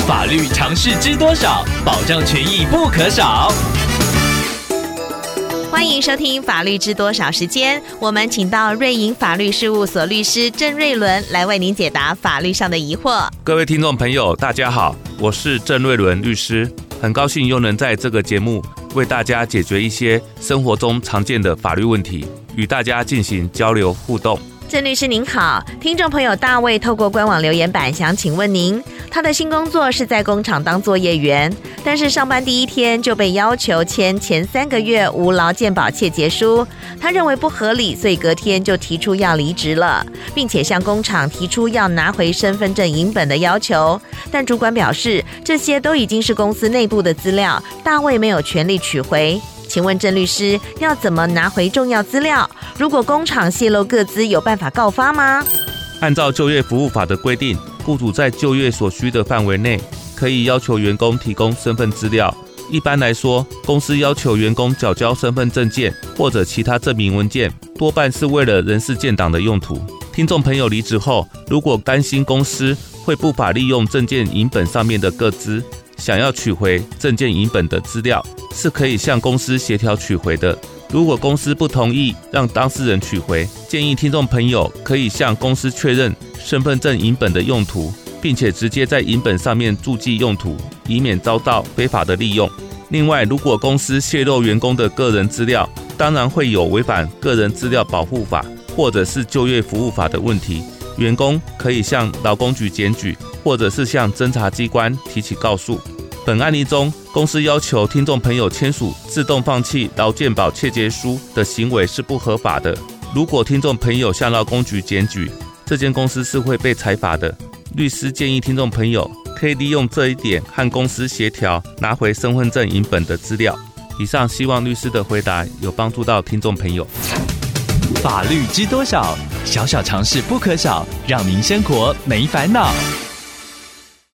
法律常識知多少，保障權益不可少。歡迎收聽《法律知多少》時間，我們請到瑞瀛法律事務所律師鄭瑞崙來為您解答法律上的疑惑。各位聽眾朋友，大家好，我是鄭瑞崙律師，很高興又能在這個節目為大家解決一些生活中常見的法律問題，與大家進行交流互動。鄭律師您好，聽眾朋友大衛透過官網留言板想請問您。他的新工作是在工廠當作業員，但是上班第一天就被要求簽前三個月無勞健保切結書，他認為不合理，所以隔天就提出要離職了，並且向工廠提出要拿回身份證影本的要求。但主管表示，這些都已經是公司內部的資料，大衛沒有權利取回。請問鄭律師，要怎麼拿回重要資料？如果工廠洩露個資，有辦法告發嗎？按照就業服務法的規定，雇主在就業所需的範圍內，可以要求員工提供身份資料。一般來說，公司要求員工繳交身份證件或者其他證明文件，多半是為了人事建檔的用途。聽眾朋友，離職後如果擔心公司會不法利用證件影本上面的個資。想要取回證件影本的資料，是可以向公司協調取回的。如果公司不同意讓當事人取回，建議聽眾朋友可以向公司確認身份證影本的用途，並且直接在影本上面注記用途，以免遭到非法的利用。另外，如果公司洩露員工的個人資料，當然會有違反《個人資料保護法》或者是《就業服務法》的問題，員工可以向勞工局檢舉。或者是向偵查機關提起告訴。本案例中，公司要求聽眾朋友簽署自動放棄勞健保切結書的行為是不合法的。如果聽眾朋友向勞工局檢舉，這間公司是會被裁罰的。律師建議聽眾朋友可以利用這一點和公司協調，拿回身份證影本的資料。以上，希望律師的回答有幫助到聽眾朋友。法律知多少？小小常識不可少，讓您生活沒煩惱。